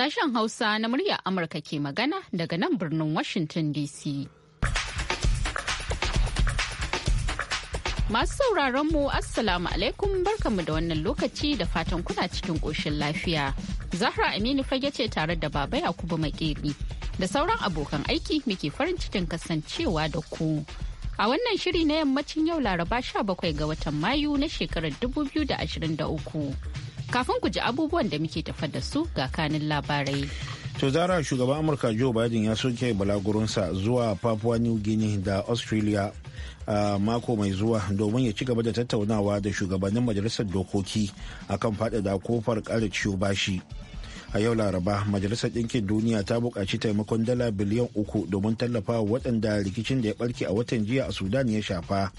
Sashen Hausa na murya Amurka ke magana daga nan birnin Washington DC. Masu sauraron mu Assalamu alaikum barkanmu da wannan lokaci da fatan kuna cikin ƙoshin lafiya. Zahra Aminu fage ce tare da Baba Yakubu Makeri da sauran abokan aiki muke farin cikin kasancewa da ku. A wannan shiri na yammacin yau Laraba 17 ga watan Mayu na shekarar 2023. Kafin ku ji abubuwan da muke tafa da su ga kanin labarai. To zara shugaban Amurka Joe Biden ya soke balagurunsa zuwa Papua New Guinea da Australia a mako mai zuwa domin ya ci gaba da tattaunawa da shugabannin majalisar dokoki akan faɗaɗa kofar ƙara ciwo bashi. a yau laraba majalisar ɗinkin duniya ta buƙaci taimakon dala biliyan uku domin tallafa waɗanda rikicin da ya ɓarke a watan jiya a sudan ya shafa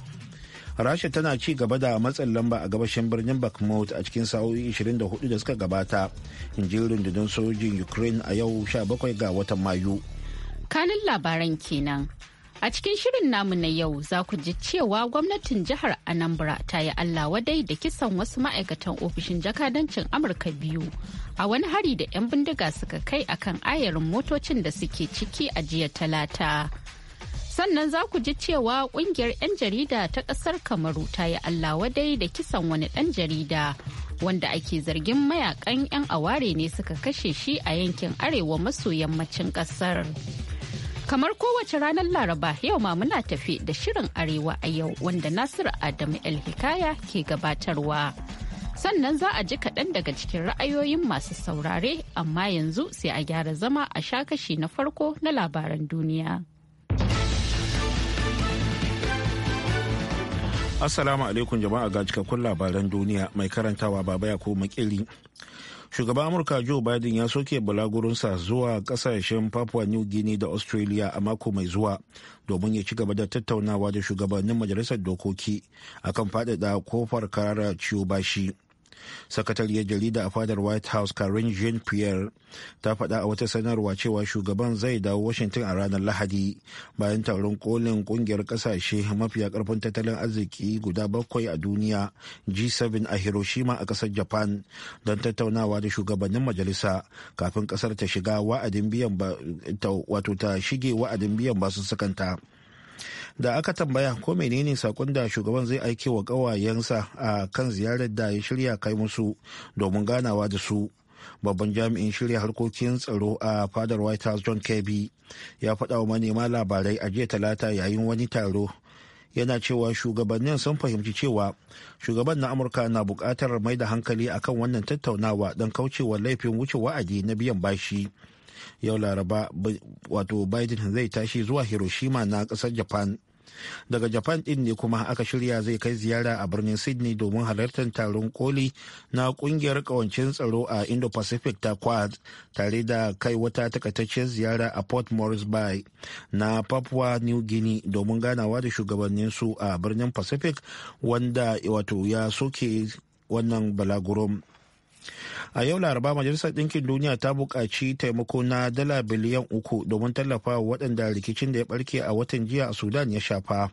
rasha tana ci gaba da matsin lamba a gabashin birnin bakhmut a cikin sa'o'i 24 da suka gabata in ji rundunar sojin ukraine a yau 17 ga watan mayu kanin labaran kenan a cikin shirin namu na yau za ku ji cewa gwamnatin jihar anambra ta yi allah wadai da kisan wasu ma'aikatan ofishin jakadancin amurka biyu a wani hari da 'yan bindiga suka kai akan ayarin motocin da suke ciki a jiya talata sannan za ku ji cewa kungiyar 'yan jarida ta kasar kamaru ta yi wadai da kisan wani ɗan jarida wanda ake zargin mayakan 'yan aware ne suka kashe shi a yankin arewa maso yammacin kasar kamar kowace ranar laraba yau ma muna tafi da shirin arewa a yau wanda nasiru adamu el hikaya ke gabatarwa sannan za a ji kaɗan daga cikin ra'ayoyin masu saurare amma yanzu sai a gyara zama a sha kashi na farko na labaran duniya. Assalamu alaikum jama'a ga cikakkun labaran duniya mai karantawa baba ya koma kiri. Shugaban Amurka Joe Biden ya soke bulagurinsa zuwa kasashen Papua New Guinea da Australia a mako mai zuwa domin ya ci gaba da tattaunawa da shugabannin majalisar dokoki akan faɗaɗa kofar karara ciwo bashi. sakatariyar jarida a fadar white house karen jean pierre ta faɗa a wata sanarwa cewa shugaban zai dawo washington a ranar lahadi bayan taron kolin kungiyar ƙasashe mafiya karfin tattalin arziki guda bakwai a duniya g7 a hiroshima a ƙasar japan don tattaunawa da shugabannin majalisa kafin ƙasar ta shiga wa'adin biyan ba ta wa'adin biyan basu sakanta. da aka tambaya ko menene sakon da shugaban zai aike wa kawayensa a kan ziyarar da ya shirya kai musu domin ganawa da su babban jami'in shirya harkokin tsaro a fadar white house john kirby ya faɗa wa manema labarai a jiya talata yayin wani taro yana cewa shugabannin sun fahimci cewa shugaban na amurka na buƙatar mai da hankali akan wannan tattaunawa don kaucewa laifin wuce wa'adi na biyan bashi yau laraba wato biden zai tashi zuwa hiroshima na kasar japan daga japan din ne kuma aka shirya zai kai ziyara a birnin sydney domin halartar taron koli na kungiyar kawancin tsaro a indo-pacific ta quad tare da kai wata takaitaccen ziyara a port moresby na papua new guinea domin ganawa da shugabannin su a birnin pacific wanda wato ya soke wannan balagurum a yau laraba majalisar ɗinkin duniya ta buƙaci taimako na dala biliyan uku domin tallafa waɗanda rikicin da ya ɓarke a watan jiya a sudan ya shafa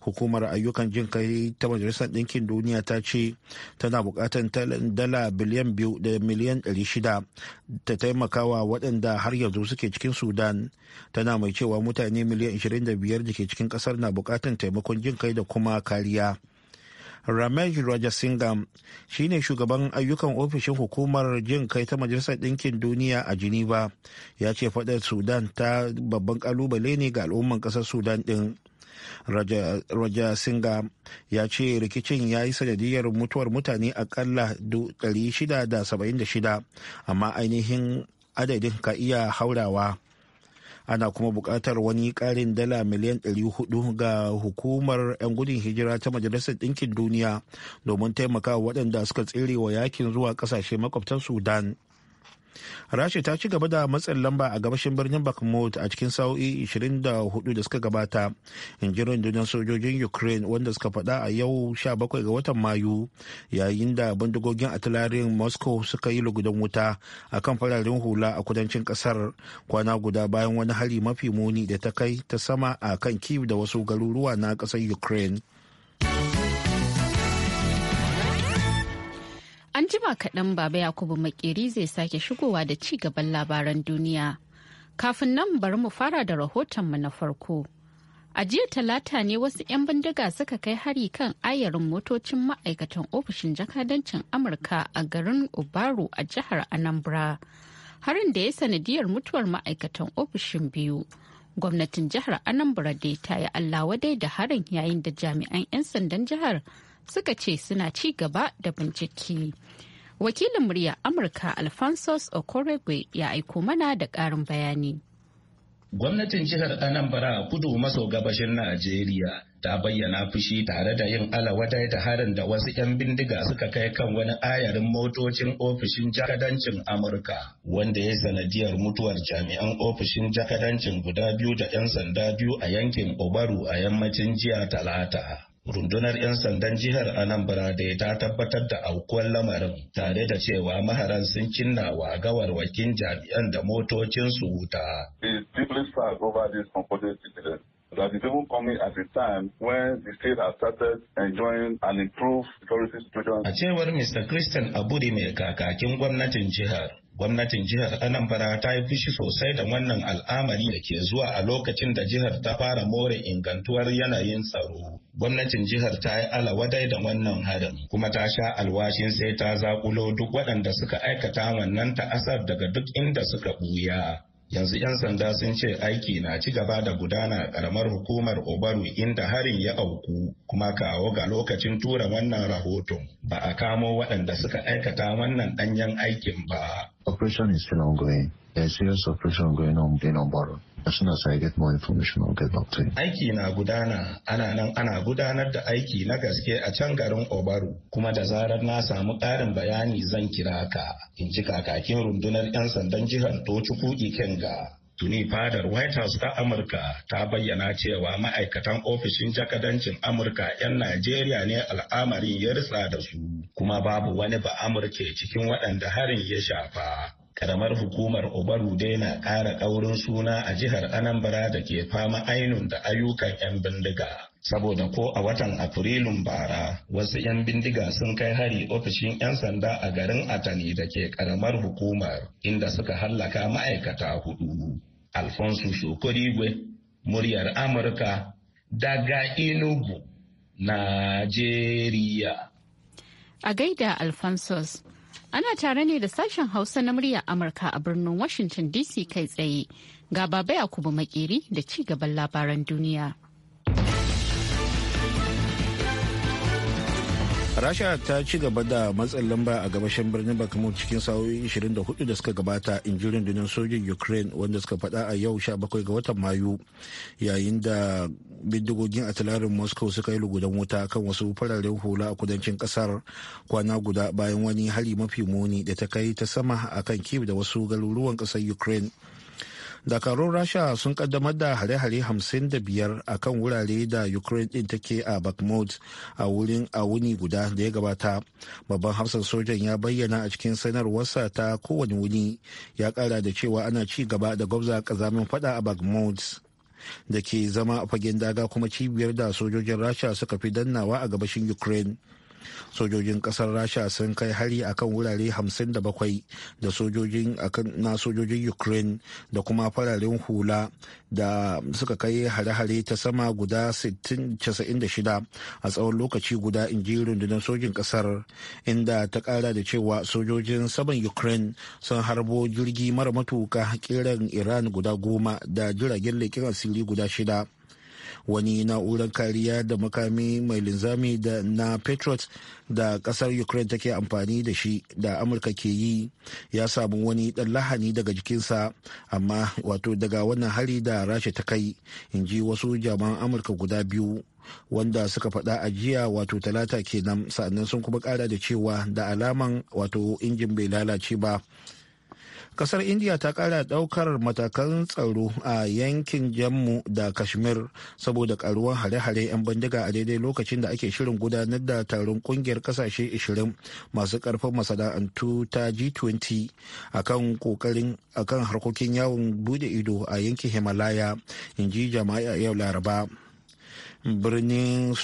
hukumar ayyukan jin kai ta majalisar ɗinkin duniya ta ce tana buƙatar dala biliyan biyu da miliyan ɗari shida ta taimakawa waɗanda har yanzu suke cikin sudan tana mai cewa mutane miliyan 25 da ke cikin ƙasar na buƙatar taimakon jin kai da kuma kariya Ramesh Rajasingam shi ne shugaban ayyukan ofishin hukumar jin kai ta Majalisar Ɗinkin Duniya a Geneva ya ce faɗar Sudan ta babban ƙalubale ne ga al'umman ƙasar Sudan ɗin. Raja, Singa ya ce rikicin ya yi sanadiyar mutuwar mutane akalla 676 amma ainihin adadin ka iya haurawa. ana kuma buƙatar wani ƙarin dala miliyan 400 ga hukumar 'yan gudun hijira ta majalisar ɗinkin duniya domin taimaka waɗanda suka tsere wa yakin zuwa ƙasashe makwabtan sudan rasha ta ci gaba da matsin lamba a gabashin birnin bakhmut a cikin sa'o'i 24 da suka gabata in ji rundunar sojojin ukraine wanda suka faɗa a yau 17 ga watan mayu yayin da bindigogin atilarin moscow suka yi lugudan wuta a kan fararen hula a kudancin ƙasar kwana guda bayan wani hari mafi muni da ta kai ta sama a kan kiv da wasu garuruwa na ƙasar ukraine jima kaɗan Baba Yakubu Makeri zai sake shigowa da ci gaban labaran duniya. Kafin nan bari mu fara da rahotonmu na farko. A jiya talata ne wasu 'yan bindiga suka kai hari kan ayarin motocin ma'aikatan ofishin jakadancin Amurka a garin Ubaru a jihar Anambra. Harin da ya sanadiyar mutuwar ma'aikatan ofishin biyu. Gwamnatin jihar Anambra dai ta yi Allah wadai da harin yayin da jami'an 'yan sandan jihar suka ce suna ci gaba da bincike. Wakilin murya Amurka Alphonsus Okoregwe ya aiko mana da ƙarin bayani. Gwamnatin jihar Anambra kudu maso gabashin Najeriya ta bayyana fushi tare da yin alawadai da harin da wasu 'yan bindiga suka kai kan wani ayarin motocin ofishin jakadancin Amurka wanda ya sanadiyar mutuwar jami'an ofishin jakadancin guda biyu da 'yan sanda biyu a yankin Obaru a yammacin jiya Talata. rundunar 'yan sandan jihar anambra da ta tabbatar da aukuwar lamarin tare da cewa maharan sun cinna wa gawarwakin jami'an da motocinsu wuta. that is even coming at a A cewar Mr. Christian Abudi mai kakakin gwamnatin jihar, gwamnatin jihar anambra ta yi fushi sosai da wannan al'amari da ke zuwa a lokacin da jihar ta fara more ingantuwar yanayin tsaro gwamnatin jihar ta yi alawadai da wannan harin kuma ta sha alwashin sai ta zaƙulo duk waɗanda suka aikata wannan ta'asar daga duk inda suka buya. yanzu 'yan sanda sun ce aiki na ci gaba da gudana karamar hukumar obaru inda harin ya auku kuma kawo ga lokacin tura wannan rahoton ba a kamo waɗanda suka aikata wannan ɗanyen aikin ba Operation is still ongoing. There's serious operation going on in Ombaro. As soon as I get more information, I'll get back to you. Aiki na gudana, ana nan ana gudanar da aiki na gaske a can garin Obaru, kuma da zarar na samu ƙarin bayani zan kira ka, in ji kakakin rundunar 'yan sandan jihar Tochukwu Ikenga. Tuni fadar White House ta Amurka ta bayyana cewa ma'aikatan ofishin jakadancin Amurka 'yan Najeriya ne al'amarin ya ritsa da su, kuma babu wani ba Amurke cikin waɗanda harin ya shafa. karamar hukumar obaru dai na ƙara ƙaurin suna a jihar anambra da ke fama ainun da ayyukan 'yan bindiga saboda ko a watan afrilun bara wasu 'yan bindiga sun kai hari ofishin 'yan sanda a garin atani da ke ƙaramar hukumar inda suka hallaka ma'aikata hudu Alfonso Shokorigwe, muryar Amurka daga Enugu, Najeriya. A gaida Alfonsos, ana tare ne da sashen Hausa na muryar Amurka a birnin Washington DC kai tsaye. Ga baba kuma Makeri da ci gaban labaran duniya. rasha ta ci gaba da matsin lamba a gabashin birnin bakamu cikin sa'o'i 24 da suka gabata in ji rundunar sojin ukraine wanda suka fada a yau 17 ga watan mayu yayin da bindigogin a talarin moscow suka yi lugudan wuta kan wasu fararen hula a kudancin kasar kwana guda bayan wani hari mafi muni da ta kai ta sama a kan kiev da wasu garuruwan kasar ukraine dakarun rasha sun kaddamar da hare-hare 55 a kan wurare da ukraine din take a bakhmut a wurin a wuni guda da ya gabata babban hafsan sojan ya bayyana a cikin sanarwarsa ta kowane wuni ya kara da cewa ana ci gaba da gwabza kazamin fada a bakhmut da ke zama a fagen daga kuma cibiyar da sojojin rasha suka fi dannawa a gabashin ukraine sojojin kasar rasha sun kai hari akan wurare 57 da sojojin na sojojin ukraine da kuma fararen hula da suka kai hare-hare ta sama guda 96 a tsawon lokaci guda in ji rundunar sojin kasar inda ta kara da cewa sojojin saman ukraine sun harbo jirgi mara matuka kiran iran guda goma da jiragen leƙen asiri guda shida wani na'urar kariya da makami mai linzami da na patriot da kasar ukraine take amfani da shi da amurka ke yi ya samu wani dan lahani daga jikinsa amma wato daga wannan hari da rasha ta kai in ji wasu jaman amurka guda biyu wanda suka faɗa a jiya wato talata kenan sannan sun kuma kara da cewa da alaman wato injin bai lalace ba kasar india ta kara daukar matakan tsaro a yankin jammu da kashmir saboda karuwan hare-hare 'yan bindiga a daidai lokacin da ake shirin gudanar da taron kungiyar kasashe 20 masu karfin masana'antu ta g20 akan kokarin akan harkokin yawon bude ido a yankin himalaya in ji jama'a yau laraba birnin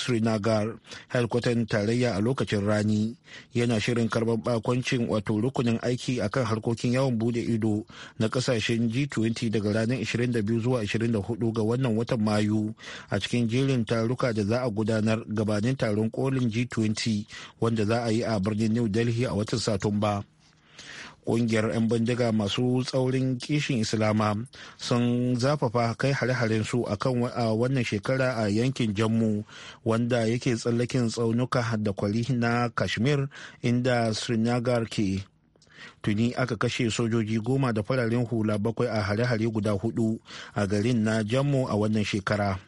srinagar helkwatan tarayya a lokacin rani yana shirin karɓar bakoncin wato rukunin aiki akan harkokin yawon bude ido na kasashen g20 daga ranar 22 zuwa 24 ga wannan watan mayu a cikin jerin taruka da za a gudanar gabanin taron kolin g20 wanda za a yi a birnin new delhi a watan satumba. kungiyar 'yan bindiga masu tsaurin kishin islama sun zafafa kai hare-haren su a kan wannan shekara a yankin jammu wanda yake tsallakin tsaunuka da kwari na kashmir inda srinagar ke tuni aka kashe sojoji goma da fararen hula bakwai a hare-hare guda hudu a garin na jammu a wannan shekara.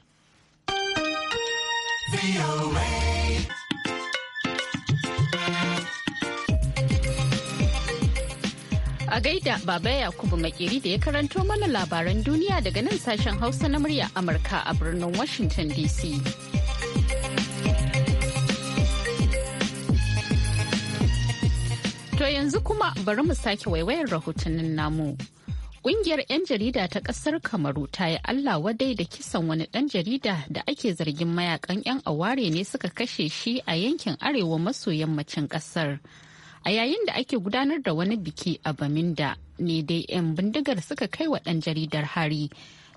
A gaida Baba Yakubu Makeri da ya karanto mana labaran duniya daga nan sashen Hausa na murya Amurka a birnin Washington DC. To yanzu kuma bari mu sake waiwayar rahotannin namu. Ƙungiyar 'yan jarida ta ƙasar Kamaru ta yi Allah wadai da kisan wani ɗan jarida da ake zargin mayakan 'yan aware ne suka kashe shi a yankin arewa maso yammacin ƙasar. a yayin da ake gudanar da wani biki a baminda ne dai 'yan bindigar suka kai wa ɗan jaridar hari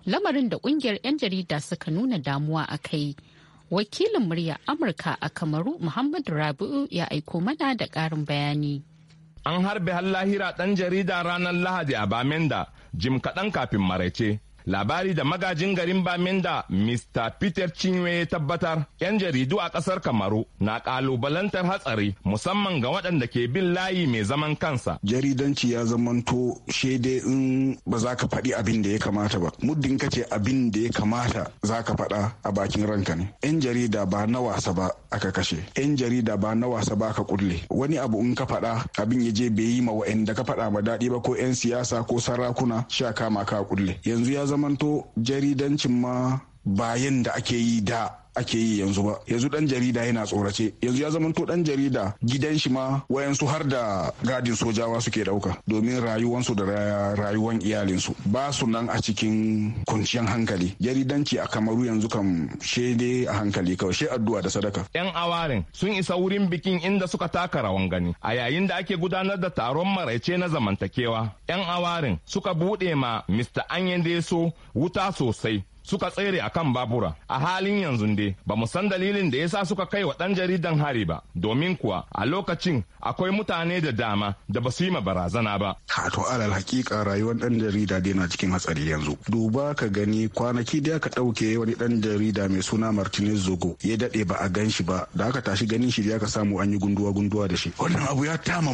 lamarin da ƙungiyar 'yan jarida suka nuna damuwa a kai wakilin murya amurka a kamaru muhammadu rabi'u ya aiko mana da ƙarin bayani an harbe har lahira ɗan jarida ranar lahadi a baminda jim kaɗan kafin maraice labari da magajin garin Baminda Mr. Peter Chinwe ya tabbatar 'yan jaridu a ƙasar Kamaru na ƙalubalantar hatsari musamman ga waɗanda ke bin layi mai zaman kansa. Jaridanci ya zamanto shaidai in ba za ka faɗi abin da ya kamata ba. Muddin ka ce abin da ya kamata za ka faɗa a bakin ranka ne. 'Yan jarida ba na wasa ba aka kashe. 'Yan jarida ba na wasa ba aka kulle. Wani abu in ka faɗa abin ya je bai yi ma ka faɗa ba daɗi ba ko 'yan siyasa ko sarakuna sha kama ka kulle. Yanzu ya zama zamanto jaridancin ma bayan da ake yi da ake yi yanzu ba yanzu dan jarida yana tsorace yanzu ya zamanto dan jarida gidan shi ma wayansu har da gadin sojawa suke dauka domin rayuwansu da rayuwan iyalinsu ba su nan a cikin kunciyan hankali jaridanci a kamaru yanzu kam shede a hankali kawai she addu'a da sadaka yan awarin sun isa wurin bikin inda suka taka rawan gani a yayin da ake gudanar da taron maraice na zamantakewa yan awarin suka bude ma Mr. Anyendeso wuta sosai suka tsere a kan babura a halin yanzu dai ba mu san dalilin da ya sa suka kai wa ɗan jaridan hari ba domin kuwa a lokacin akwai mutane da dama da ba su yi ma barazana ba. to alal hakika rayuwar ɗan jarida dai na cikin hatsari yanzu duba ka gani kwanaki da ka ɗauke wani ɗan jarida mai suna martinez zogo ya daɗe ba a gan shi ba da aka tashi ganin shi da aka samu an yi gunduwa gunduwa da shi wannan abu ya tama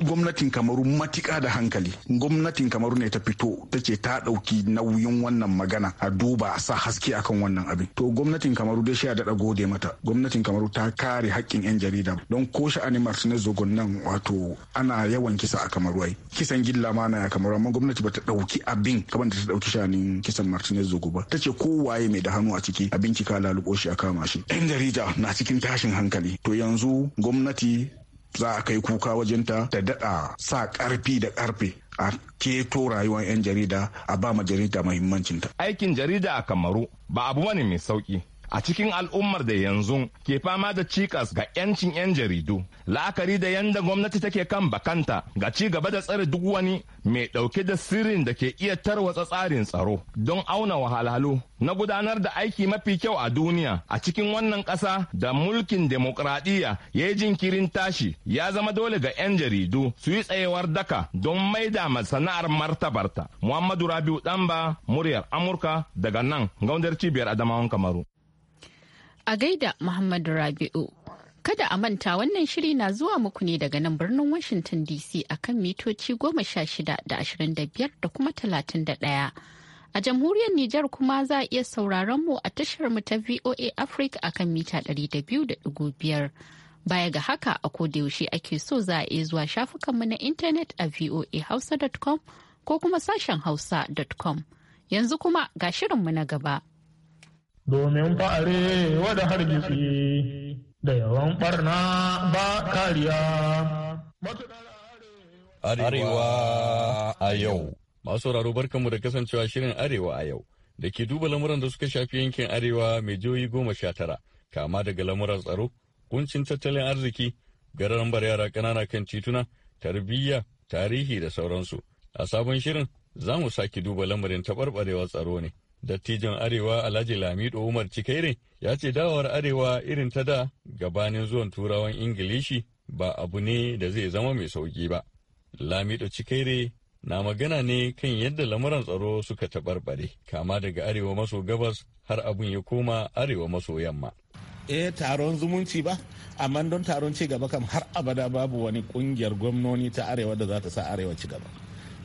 gwamnatin kamaru matika da hankali gwamnatin kamaru ne ta fito ta ce ta ɗauki nauyin wannan magana a duba ba a sa haske akan wannan abin to gwamnatin kamaru dai sha daɗa gode mata gwamnatin kamaru ta kare haƙƙin 'yan jarida don ko sha'anin martinez zogon nan wato ana yawan kisa a kamaru ai kisan gilla ma na kamaru amma gwamnati bata ɗauki abin kamar ta ɗauki sha'anin kisan martinez zogo ba ta ce ko waye mai da hannu a ciki a bincika lalubo shi a kama shi 'yan jarida na cikin tashin hankali to yanzu gwamnati za a kai kuka wajenta ta daɗa sa ƙarfi da ƙarfe a keto rayuwar 'yan jarida a ba ma jarida muhimmancinta. Aikin jarida a Kamaru ba abu bane mai sauki. a cikin al'ummar da yanzu ke fama da cikas ga 'yancin 'yan jaridu la'akari da yadda gwamnati take kan bakanta ga ci gaba da tsare duk wani mai ɗauke da sirrin da ke iya tarwatsa tsarin tsaro don auna wahalhalu na gudanar da aiki mafi kyau a duniya a cikin wannan ƙasa da mulkin demokradiyya ya yi jinkirin tashi ya zama dole ga 'yan jaridu su yi tsayewar daka don maida sana'ar martabarta muhammadu rabiu ɗanba muryar amurka daga nan gaundar cibiyar adamawan kamaru A gaida Muhammadu Rabi'u. Kada a manta wannan shiri na zuwa muku ne daga nan birnin Washington DC a kan mitoci goma sha shida da ashirin da biyar da kuma talatin da ɗaya. A jamhuriyar Nijar kuma za a iya sauraron mu a tashar mu ta VOA Africa a kan mita ɗari da biyu da ɗigo biyar. Baya ga haka a kodayaushe ake so za a iya zuwa shafukanmu na intanet a voahausa.com ko kuma sashen hausa.com. Yanzu kuma ga shirinmu na gaba. domin fa'are wadda hargitsi da yawan barna ba kariya. Arewa a yau Masu sauraro barkanmu da kasancewa shirin Arewa a yau da ke duba lamuran da suka shafi yankin Arewa mai jihohi goma sha tara kama daga lamuran tsaro, kuncin tattalin arziki, gararan yara ƙanana kan tituna, tarbiyya, tarihi da sauransu. A sabon shirin za mu sake duba lamarin taɓarɓarewar tsaro ne. Dattijan Arewa Alhaji Lamido Umar Cikaire ya ce dawowar Arewa irin ta da gabanin zuwan Turawan Ingilishi ba abu ne da zai zama mai sauki ba. Lamido Cikaire na magana ne kan yadda lamuran tsaro suka taɓarɓare kama daga arewa maso gabas har abin ya koma arewa maso yamma. eh taron zumunci ba amma don taron ci gaba kam har abada babu wani kungiyar gwamnoni ta arewa da za ta sa arewa ci gaba.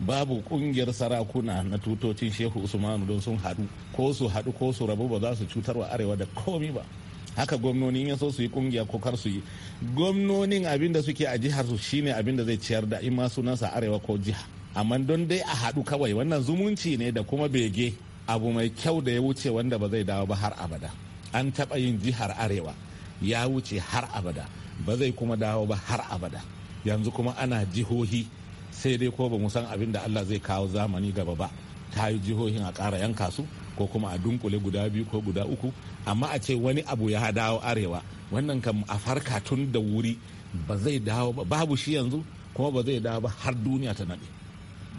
babu kungiyar sarakuna na tutocin shehu usmanu don sun haɗu ko su haɗu ko su rabu ba za su cutar wa arewa da komi ba haka gwamnonin ya so su yi kungiya ko kar su yi gwamnonin abin da suke a jihar su shine abin da zai ciyar da ima sunansa arewa ko jiha amma don dai a haɗu kawai wannan zumunci ne da kuma bege abu mai kyau da ya wuce wanda ba zai dawo ba har abada an taɓa yin jihar arewa ya wuce har abada ba zai kuma dawo ba har abada yanzu kuma ana jihohi sai dai ko ba mu san abin da Allah zai kawo zamani gaba ba ta yi jihohin a ƙara yanka su ko kuma a dunkule guda biyu ko guda uku amma a ce wani abu ya dawo arewa wannan kam a farka tun da wuri ba zai dawo ba babu shi yanzu kuma ba zai dawo ba har duniya ta naɗe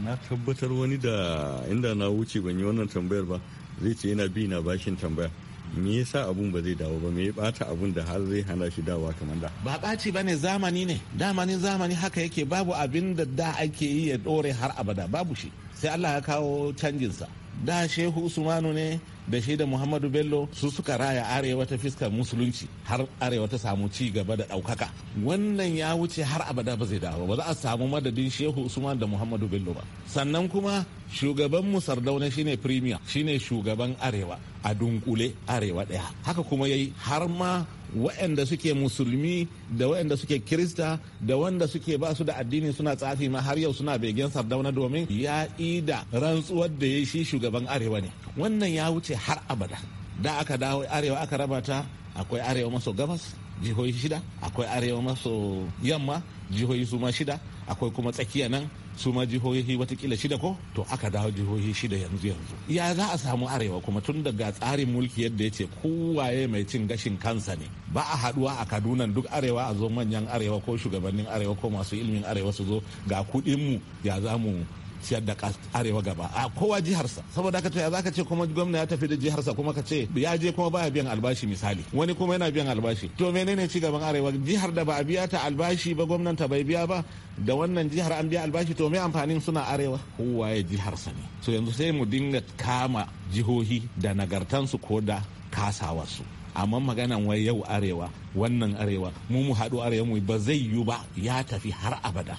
na tabbatar wani da inda na wuce ban yi wannan tambayar ba zai ce yana bi na bashin tambaya me yasa abun ba zai dawo ba me ya bata abun da har zai hana shi dawa kamar da ba ɓaci ba ne zamani ne damanin zamani haka yake babu abin da da ake yi ya ɗore har abada babu shi sai Allah ya kawo canjinsa da shehu usmanu ne da shi da muhammadu bello su suka raya arewa ta fiskar musulunci har arewa ta samu ci gaba da ɗaukaka wannan ya wuce har abada ba zai dawo ba za a samu madadin shehu usman da muhammadu bello ba sannan kuma shugaban mu sardauna shine premier shine shugaban arewa a dunkule arewa daya haka kuma yayi har ma waɗanda suke musulmi da waɗanda suke kirista da wanda suke ba su da addini suna tsafi ma har yau suna begen sardauna domin ya ida rantsuwar da ya shi shugaban arewa ne wannan ya wuce har abada da aka dawo arewa aka raba ta akwai arewa maso gabas jihohi shida akwai arewa maso yamma jihohi su ma shida akwai kuma tsakiya nan su ma jihohi watakila shida ko to aka dawo jihohi shida yanzu yanzu ya za a samu arewa kuma tun daga tsarin mulki yadda ya ce kowaye mai cin gashin kansa ne ba a haduwa a kaduna duk arewa a zo manyan arewa ko shugabannin arewa ko masu ilimin arewa su zo ga kuɗin ya za mu ciyar da arewa gaba a kowa jiharsa saboda ka to ya zaka ce kuma gwamna ya tafi da jiharsa kuma ka ce ya je kuma baya biyan albashi misali wani kuma yana biyan albashi to menene ci gaban arewa jihar da ba a biya ta albashi ba gwamnanta bai biya ba da wannan jihar an biya albashi to me amfanin suna arewa kowa ya jiharsa ne so yanzu sai mu dinga kama jihohi da nagartansu ko da kasawarsu amma maganan wai yau arewa wannan arewa mu mu haɗu arewa mu ba zai yiwu ba ya tafi har abada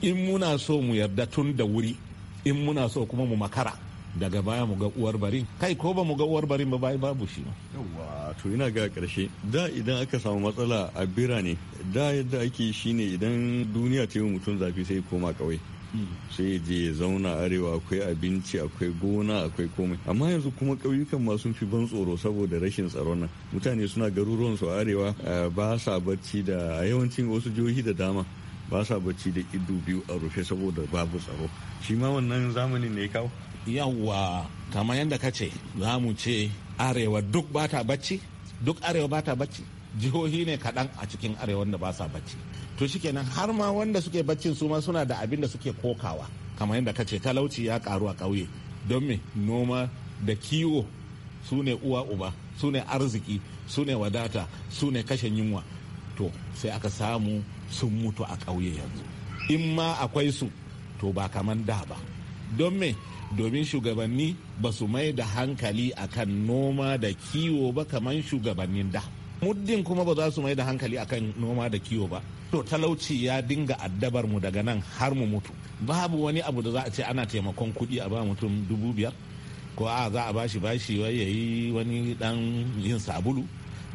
in muna so mu yarda tun da wuri in muna so kuma mu makara daga baya mu ga uwar barin kai ko ba mu ga uwar barin ba bai babu shi yawa to ina ga karshe da idan aka samu matsala a birane da yadda ake shine idan duniya ta yi mutum zafi sai koma kauye hmm. sai je ya zauna arewa akwai abinci akwai gona akwai komai amma yanzu kuma ƙauyukan ma sun fi ban tsoro saboda rashin tsaron nan mutane suna garuruwan su arewa eh, ba sa barci da yawancin wasu jihohi da dama ba sa bacci da ido biyu a rufe saboda babu tsaro shi ma wannan zamanin ne kawo yawwa kamar yadda ka ce za mu ce arewa duk ba ta bacci duk arewa ba ta bacci jihohi ne kaɗan a cikin arewa da ba sa bacci to shikenan har ma wanda suke baccin su ma suna da abin da suke kokawa kamar yadda ka ce talauci ya karu a ƙauye don me noma da kiwo su ne uwa uba su ne arziki su ne wadata su ne kashe yunwa to sai aka samu sun mutu a ƙauye yanzu in ma akwai su to ba kaman da ba don me domin shugabanni ba su mai da hankali akan noma da kiwo ba kaman shugabannin da muddin kuma ba za su mai da hankali akan noma da kiwo ba to talauci ya dinga addabar mu daga nan har mu mutu babu wani abu da za a ce ana taimakon kuɗi a ba mutum dubu biyar ko a za a bashi bashi ya yi wani dan yin sabulu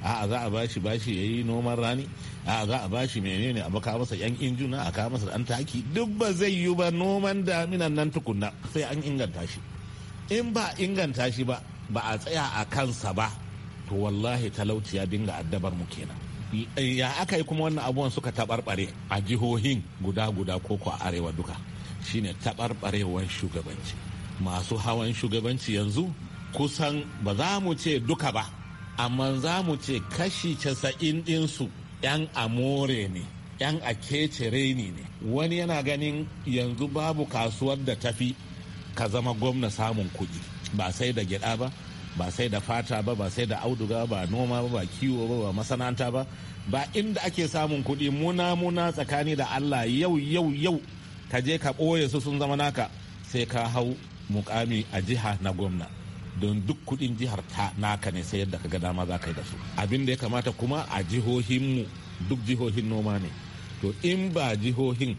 a'a za a bashi bashi yayi noman rani a'a za a bashi menene a baka masa yan injuna a kawo masa dan taki duk ba zai yi ba noman daminan nan tukunna sai an inganta shi in ba inganta shi ba ba a tsaya a kansa ba to wallahi talauci ya dinga addabar mu kenan ya aka yi kuma wannan abubuwan suka taɓarɓare a jihohin guda guda ko ko arewa duka shine taɓarɓarewar shugabanci masu hawan shugabanci yanzu kusan ba za mu ce duka ba amma za mu ce kashi casa'in ɗinsu 'yan amore ne 'yan kece raini ne wani yana ganin yanzu babu kasuwar da tafi ka zama gwamna samun kuɗi ba sai da gyaɗa ba ba sai da fata ba ba sai da auduga ba noma ba ba kiwo ba ba masana'anta ba ba inda ake samun kuɗi muna muna tsakani da allah yau yau yau ka je ka ɓoye su sun zama naka sai ka hau mukami a jiha na gwamna don duk kudin jihar ta naka ne sai yadda ka ga dama za ka yi da su abin da ya kamata kuma a jihohinmu duk jihohin noma ne to in ba jihohin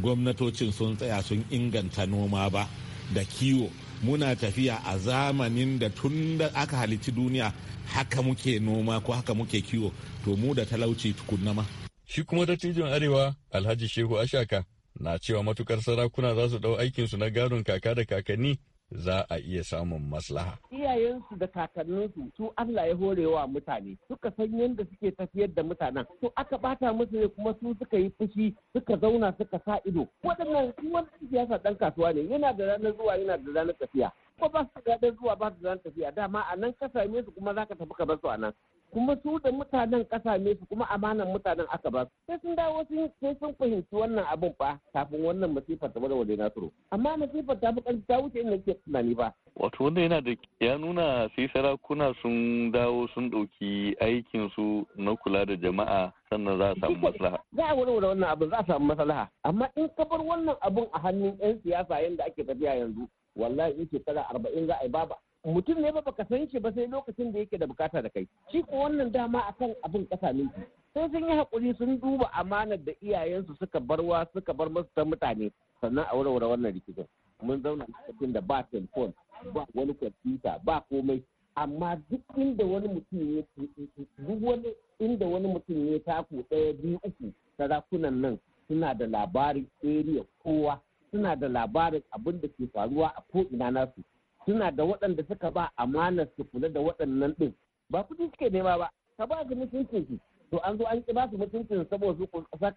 gwamnatocin sun tsaya sun inganta noma ba da kiwo muna tafiya a zamanin da tun da aka halici duniya haka muke noma ko haka muke kiwo to mu da talauci tukunna ma. Shi kuma dattijon Arewa Alhaji Shehu Ashaka na cewa matukar sarakuna za su dau aikinsu na gadon kaka da kakanni za a iya samun maslaha. Iyayensu da kakanninsu su Allah ya horewa mutane suka san yadda suke tafiyar da mutanen su aka bata musu ne kuma su suka yi fushi suka zauna suka sa ido waɗannan wani siyasa ɗan kasuwa ne yana da ranar zuwa yana da ranar tafiya. Ko ba su da zuwa ba su da ranar tafiya dama a nan ka same su kuma za ka tafi ka bar su a nan kuma su da mutanen kasa ne su kuma amanan mutanen aka ba sai sun dawo sai sun fahimci wannan abin ba. kafin wannan masifa ta bada wadai nasiru amma masifa ta fi ta wuce inda ke tunani ba. wato wanda yana da ya nuna sai sarakuna sun dawo sun ɗauki aikin su na kula da jama'a sannan za a samu maslaha. za a warware wannan abin za a samu maslaha amma in ka bar wannan abin a hannun 'yan siyasa yadda ake tafiya yanzu wallahi in shekara arba'in za a yi baba mutum ne ba baka san shi ba sai lokacin da yake da bukata da kai shi ko wannan dama a akan abin kasa minti sai sun yi hakuri sun duba amanar da iyayensu suka barwa suka bar masu ta mutane sannan a warware wannan rikicin mun zauna cikin da ba telefon ba wani kwamfuta ba komai amma duk inda wani mutum ya duk wani inda wani mutum ya taku ɗaya biyu uku sarakunan nan suna da labarin area kowa suna da labarin abin da ke faruwa a ko'ina nasu suna da waɗanda suka ba amanar su kula da waɗannan ɗin ba kuɗi suke nema ba ka ba su mutuncin su to an zo an ki ba su mutuncin saboda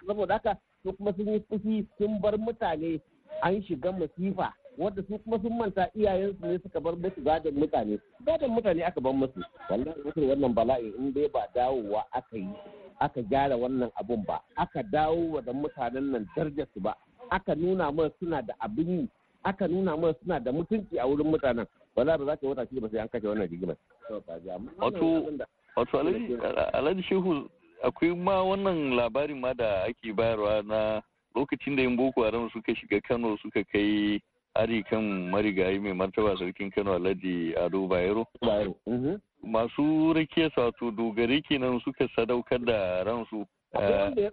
saboda haka su kuma sun yi fushi sun bar mutane an shiga masifa wadda su kuma sun manta iyayensu ne suka bar musu gadon mutane gadon mutane aka bar musu wallahi mutum wannan bala'i in dai ba dawowa aka yi aka gyara wannan abun ba aka dawo da mutanen nan darajarsu ba aka nuna mana suna da abin yi aka nuna mana suna da mutunci a wurin mutanen wala ba za ka wata shi ba sai an kashe wannan rigimar wato alhaji shehu akwai ma wannan labarin ma da ake bayarwa na lokacin da yin boko haram suka shiga kano suka kai ari kan marigayi mai martaba sarkin kano alhaji ado bayero mhm. masu rakiya wato dogare kenan suka sadaukar da ransu eh,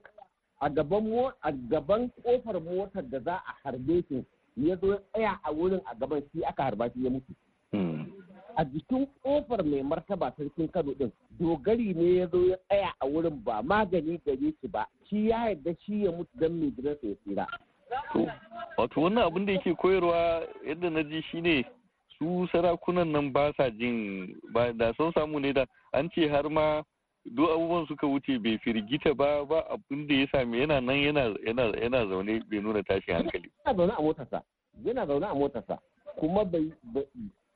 a gaban kofar motar da za a harbe su ya zo tsaya a wurin a gaban shi aka harba shi ya mutu hmm. a jikin ƙofar mai martaba sarkin kano ɗin dogari ne ya zo ya tsaya a wurin ba magani gare shi ba shi ya yarda shi ya mutu don mai sa ya tsira wato wannan abin da yake koyarwa yadda na ji shi ne su sarakunan nan ba sa jin ba da sun samu ne da an ce har ma duk abubuwan suka wuce bai firgita ba ba abin da ya sami yana nan yana zaune bai nuna tashin hankali yana zaune a motarsa yana zaune a motarsa kuma bai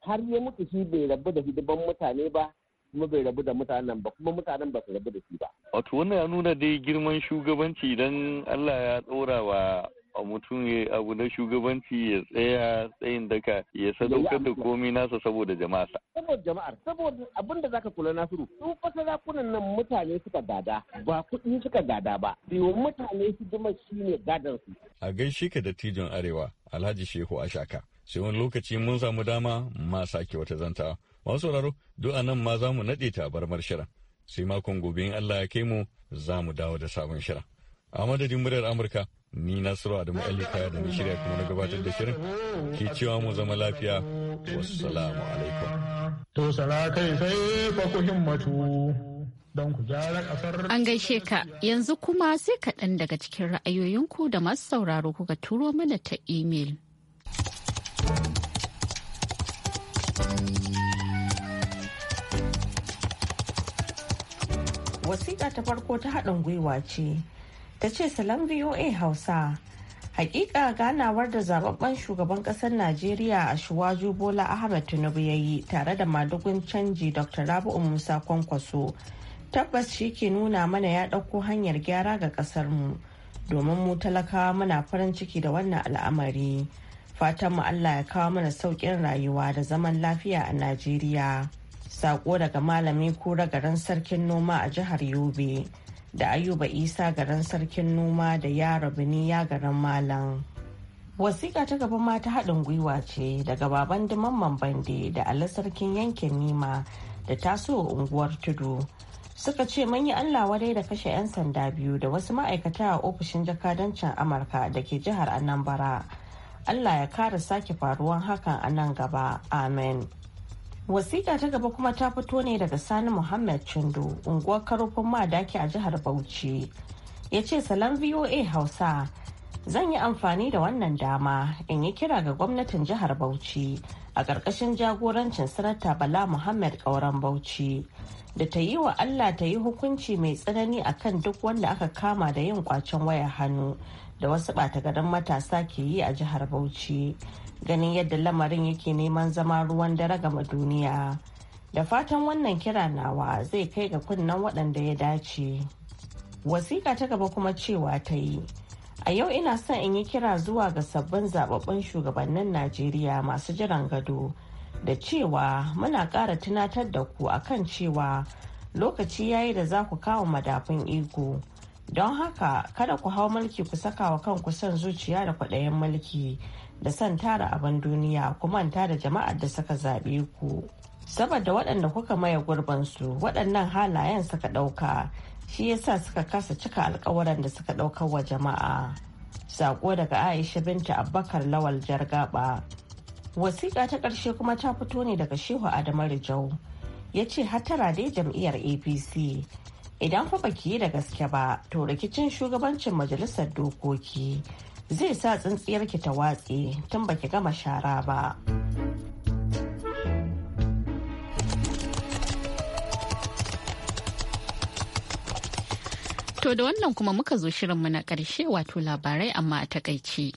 har ya mutu shi bai rabu da hidiban mutane ba kuma bai rabu da mutanen ba kuma mutanen ba su rabu da shi ba wato wannan ya nuna dai girman shugabanci idan Allah ya tsora wa A mutum ya abu na shugabanci ya tsaya tsayin daka ya sadaukar da komi nasa saboda jama'arsa. Saboda jama'ar, saboda abin da zaka kula Nasiru, su fa sarakunan nan mutane suka gada, ba kuɗi suka gada ba, biyu mutane su jima shi ne gadan su. A gaishe ka da tijon Arewa, Alhaji Shehu Ashaka. Sai wani lokaci mun samu dama ma sake wata zanta. Masu sauraro, duk a nan ma za mu naɗe tabarmar shirin. Sai makon gobe in Allah ya kai mu za mu dawo da sabon shirin. A madadin muryar Amurka, ni nasiru adamu ali kaya da shirya kuma na gabatar da shirin ke cewa mu zama lafiya wasu salamu alaikum to kai sai fa ku himmatu don ku gyara kasar an gaishe ka yanzu kuma sai kaɗan daga cikin ra'ayoyinku da masu sauraro kuka turo mana ta imel. wasiƙa ta farko ta haɗin gwiwa ce ta ce salam VOA Hausa. hakika ganawar da zababben shugaban kasar najeriya a shuwaju bola ahmed tinubu ya yi tare da madugun canji dr Rabu'un musa kwankwaso tabbas shi ke nuna mana ya ɗauko hanyar gyara ga kasar mu domin mu talakawa muna farin ciki da wannan al'amari fatan mu allah ya kawo mana sauƙin rayuwa da zaman lafiya a najeriya sako daga malami kura garin sarkin noma a jihar yobe da ayuba isa garin sarkin noma da yaro ya garin malam wasiƙa ta gaba mata haɗin gwiwa ce daga baban dimamman bande da ala sarkin yankin nima da taso unguwar tudu suka ce mun yi allah wadai da kashe 'yan sanda biyu da wasu ma'aikata a ofishin jakadancin amurka da ke jihar anambra allah ya kara sake faruwan hakan a nan gaba amen wasiƙa ta gaba kuma ta fito ne daga sani muhammad chindo unguwar karofin madaki a jihar bauchi ya ce salon voa hausa zan yi amfani da wannan dama in yi kira ga gwamnatin jihar bauchi a ƙarƙashin jagorancin sanata bala muhammad ƙauren bauchi da ta yi wa allah ta yi hukunci mai tsanani akan duk wanda aka kama da yin kwacen wayar hannu da wasu ɓatagarin matasa ke yi a jihar Bauchi ganin yadda lamarin yake neman zama ruwan dare ga duniya. Da fatan wannan kira nawa zai kai ga kunnen waɗanda ya dace. Wasiƙa ta gaba kuma cewa ta yi. A yau ina son in yi kira zuwa ga sabbin zababbin shugabannin Najeriya masu jiran gado da cewa muna ƙara tunatar da ku akan cewa lokaci yayi da za ku kawo madafin iko don haka kada ku hau mulki ku saka wa kanku son zuciya da kwaɗayin mulki da son tara abin duniya ku manta da jama'ar da suka zaɓe ku saboda waɗanda kuka maye gurbin su waɗannan halayen suka ɗauka shi yasa suka kasa cika alkawaran da suka ɗaukar wa jama'a sako daga aisha binta abbakar lawal jargaba wasiƙa ta ƙarshe kuma ta fito ne daga shehu adamu rijau ya ce hatara dai jam'iyyar apc idan fa baki yi da gaske ba to rikicin shugabancin majalisar dokoki zai sa tsintsiyarki ta watse tun baki gama shara ba. To da wannan kuma muka zo shirinmu na ƙarshe wato labarai amma a takaici.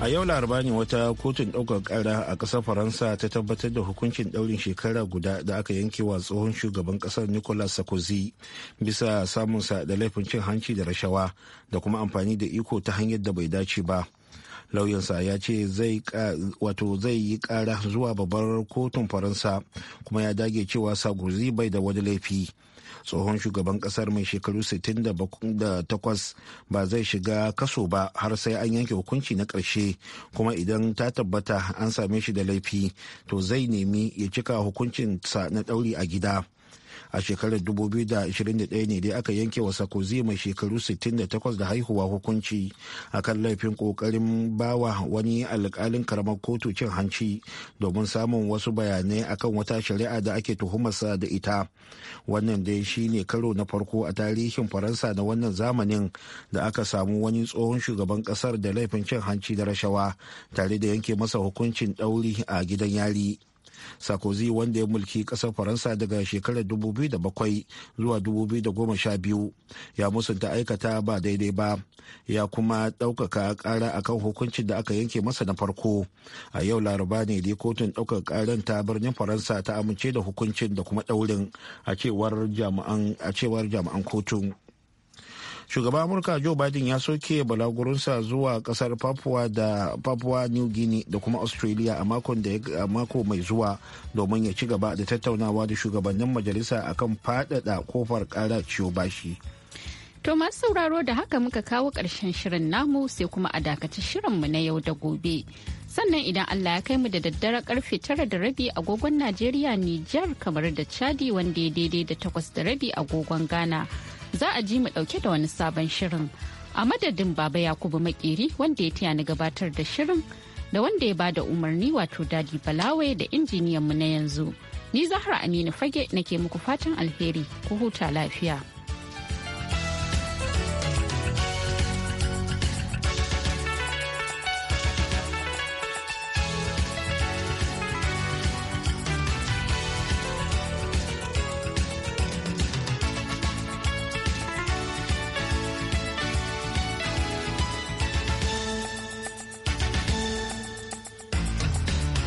a yau laraba ne wata kotun ɗaukar ƙara a ƙasar faransa ta tabbatar da hukuncin ɗaurin shekara guda da aka yanke wa tsohon shugaban ƙasar nicolas sarkozy bisa samunsa da laifin cin hanci da rashawa da kuma amfani da iko ta hanyar da bai dace ba lauyansa ya ce wato zai yi kara zuwa babbar kotun faransa kuma ya dage cewa sarkozy bai da wani laifi tsohon shugaban kasar mai shekaru 68 ba zai shiga kaso ba har sai an yanke hukunci na ƙarshe kuma idan ta tabbata an same shi da laifi to zai nemi ya cika hukuncinsa na dauri a gida a shekarar 2021 ne dai aka yanke wa sakozi mai shekaru 68 da haihuwa hukunci akan laifin kokarin bawa wani alkalin karamar kotu cin hanci domin samun wasu bayanai akan wata shari'a da ake tuhumarsa da ita wannan dai shi ne karo na farko a tarihin faransa na wannan zamanin da aka samu wani tsohon shugaban kasar da laifin cin hanci da rashawa tare da yanke masa hukuncin ɗauri a gidan yari sarkozy wanda ya mulki kasar faransa daga shekarar 2007 zuwa 2012 ya musunta aikata ba daidai ba ya kuma ɗaukaka ƙara akan hukuncin da aka yanke masa na farko a yau laraba ne dai kotun ɗaukaka karan ta birnin faransa ta amince da hukuncin da kuma daurin a cewar jami'an kotun. shugaban amurka joe biden ya soke balagurinsa zuwa kasar papua da papua new guinea da kuma australia a mako mai zuwa domin ya ci gaba da tattaunawa da shugabannin majalisa akan faɗaɗa kofar kara ciyo bashi To masu sauraro da haka muka kawo ƙarshen shirin namu sai kuma a dakaci shirinmu na yau da gobe. Sannan idan Allah ya kai mu da daddare karfe tara da rabi agogon Najeriya Nijar kamar da Chadi wanda ya daidai da takwas da rabi agogon Ghana. za a ji mu dauke da wani sabon shirin. A madadin Baba Yakubu Makeri wanda ya taya ni gabatar da shirin da wanda ya bada umarni wato Dadi Balawe da injiniyan mu na yanzu. Ni Zahra Aminu Fage nake muku fatan alheri ku huta lafiya.